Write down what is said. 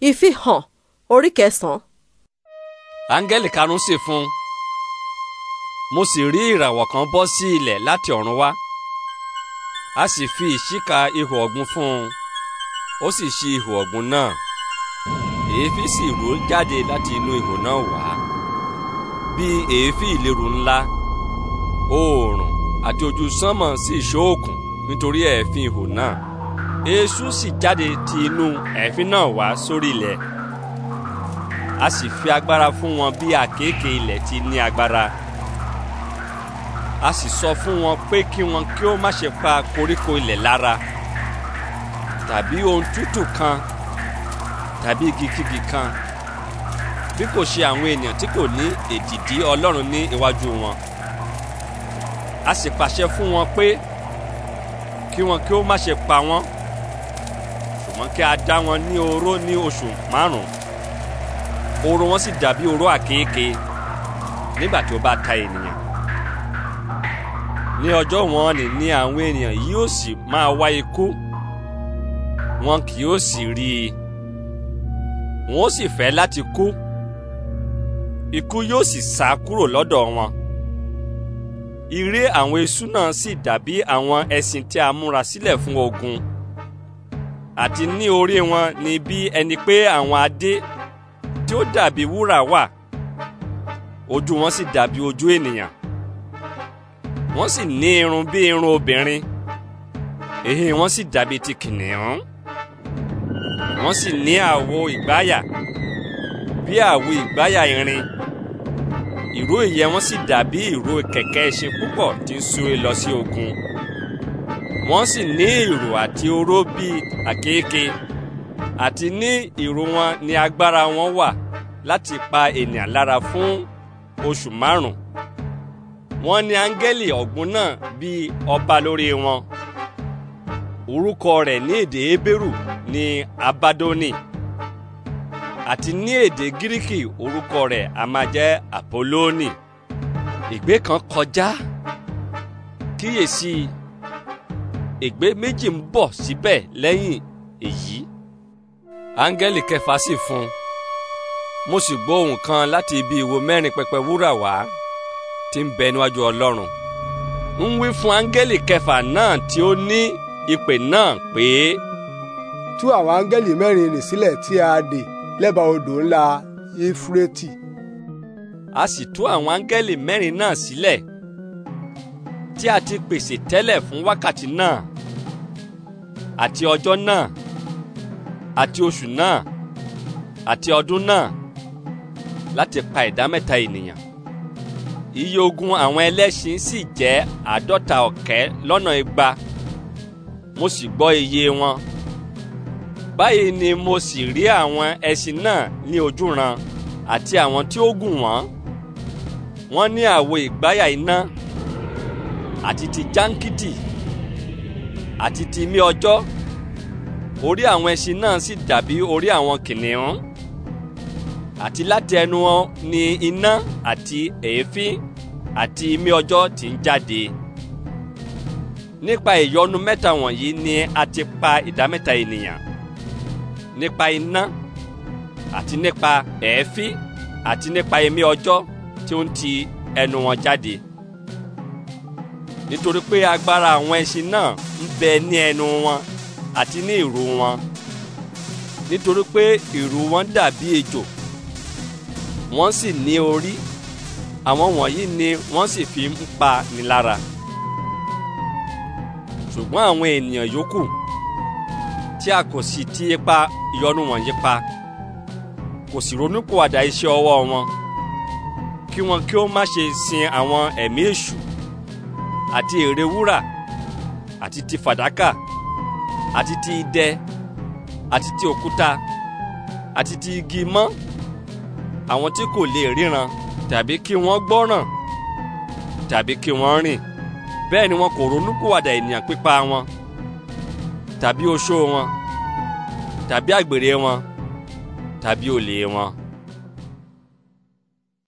ìfihàn orí kẹsàn-án. áńgẹ́lì karùn-ún sì fún un mo sì rí ìràwọ̀ kan bọ́ sí ilẹ̀ láti ọ̀run wá a sì fi ìṣíka ihò ọ̀gbun fún un ó sì ṣí ihò ọ̀gbun náà èéfín sì rú jáde láti inú ihò náà wá bí èéfín ìléru ńlá oòrùn àti ojú sánmọ̀ sì ṣóòkùn nítorí ẹ̀fín ihò náà èṣù sì jáde ti inú ẹ̀fín náà wá sórí ilẹ̀ a sì fi agbára fún wọn bí àkéékè ilẹ̀ ti ní agbára a sì sọ fún wọn pé kí wọn kí ó má ṣe pa koríko ilẹ̀ lára tàbí ohun tútù kan tàbí igikígi kan bí kò ṣe àwọn ènìyàn tí kò ní èdìdí ọlọ́run ní iwájú wọn a sì pàṣẹ fún wọn pé kí wọn kí ó má ṣe pa wọ́n ṣùgbọ́n kí a dá wọn ní oró ní oṣù márùn-ún oró wọn sì dàbí oró àkéèké nígbà tí ó bá ta ènìyàn ní ọjọ́ wọn ni ní àwọn ènìyàn yóò sì máa wá ikú wọn kì yóò sì rí i wọn ó sì fẹ́ láti kú ikú yóò sì sá kúrò lọ́dọ̀ wọn ire àwọn eṣú náà sì dàbí àwọn ẹṣin tí a múra sílẹ̀ fún ogun àti ní orí wọn ni bí ẹni pé àwọn adé tí ó dàbí wúrà wà ojú wọn sì dàbí ojú ènìyàn wọ́n sì ní irun bí irun obìnrin èhìn wọn sì dàbí ti kìnìún wọ́n sì ní àwo ìgbáyà bí àwo ìgbáyà irin ìró ìyẹ́ wọn sì dàbí ìró kẹ̀kẹ́ ẹṣin púpọ̀ tí ń súré lọ sí ogun wọ́n sì ní ìrù àti oró bíi àkééke àti ní ìrù wọn ni agbára wọn wà láti pa ènìyàn lára fún oṣù márùn-ún wọ́n áńgẹ́lì ọ̀gbun náà bíi ọba lórí wọn orúkọ rẹ̀ ní èdè Hébérù ní abadoni àti ní èdè gíríkì orúkọ rẹ̀ a máa jẹ́ apoloni ìgbé kan kọjá kíyèsí i ègbé méjì ń bọ̀ síbẹ̀ lẹ́yìn èyí áńgẹ́lì kẹfà sì fún un mo sì gbọ́ ohùn kan láti ibi ìwo mẹ́rin pẹpẹ wúrà wá tí ń bẹ níwájú ọlọ́run ń wí fún áńgẹ́lì kẹfà náà tí ó ní ìpè náà pé. tú àwọn áńgẹ́lì mẹ́rin rìn sílẹ̀ tí a dè lẹ́bàá odò ńlá éfúrẹ́tì. a sì tú àwọn áńgẹ́lì mẹ́rin náà sílẹ̀ tí a ti pèsè tẹ́lẹ̀ fún wákàtí náà àti ọjọ́ náà àti oṣù náà àti ọdún náà láti pa ìdá mẹ́ta ènìyàn iye ogun àwọn ẹlẹ́ṣin sì jẹ́ àádọ́ta ọ̀kẹ́ lọ́nà igba mo sì gbọ́ iye wọn báyìí ni mo sì rí àwọn ẹṣin náà ní ojúran àti àwọn tí ó gùn wọ́n wọ́n ní àwo ìgbáyà iná. E àti ti jankidi àti ti mí ọjọ́ orí àwọn ẹṣin náà sì dàbí orí àwọn kìnìún àti láti ẹnu wọn ni iná àti èéfín àti mí ọjọ́ ti ń jáde nípa ìyọnu mẹ́ta wọ̀nyí ni a ti pa ìdámẹ́ta ènìyàn nípa iná àti nípa èéfín àti nípa ẹ̀mí ọjọ́ tí ó ń ti ẹnu wọn jáde nítorí pé agbára àwọn ẹṣin náà ń bẹ ní ẹnu wọn àti ní ìrù wọn nítorí pé ìrù wọn dàbí ejò wọ́n sì ní orí àwọn wọ̀nyí ni wọ́n sì fi ń pa ni lára ṣùgbọ́n àwọn ènìyàn yòókù tí a kò sì ti ipa ìyọnu wọ̀nyí pa kò sì ronúpìwàdà iṣẹ́ ọwọ́ wọn kí wọn kí ó má ṣe sin àwọn ẹ̀mí èṣù àti ère wúrà àti ti fàdákà àti ti idẹ àti ti òkúta àti ti igi mọ́ àwọn tí kò lè ríran tàbí kí wọ́n gbọ́ràn tàbí kí wọ́n rìn bẹ́ẹ̀ ni wọn kò ronúkúwàdà ènìyàn pípa wọn tàbí oṣó wọn tàbí àgbèrè wọn tàbí olè wọn.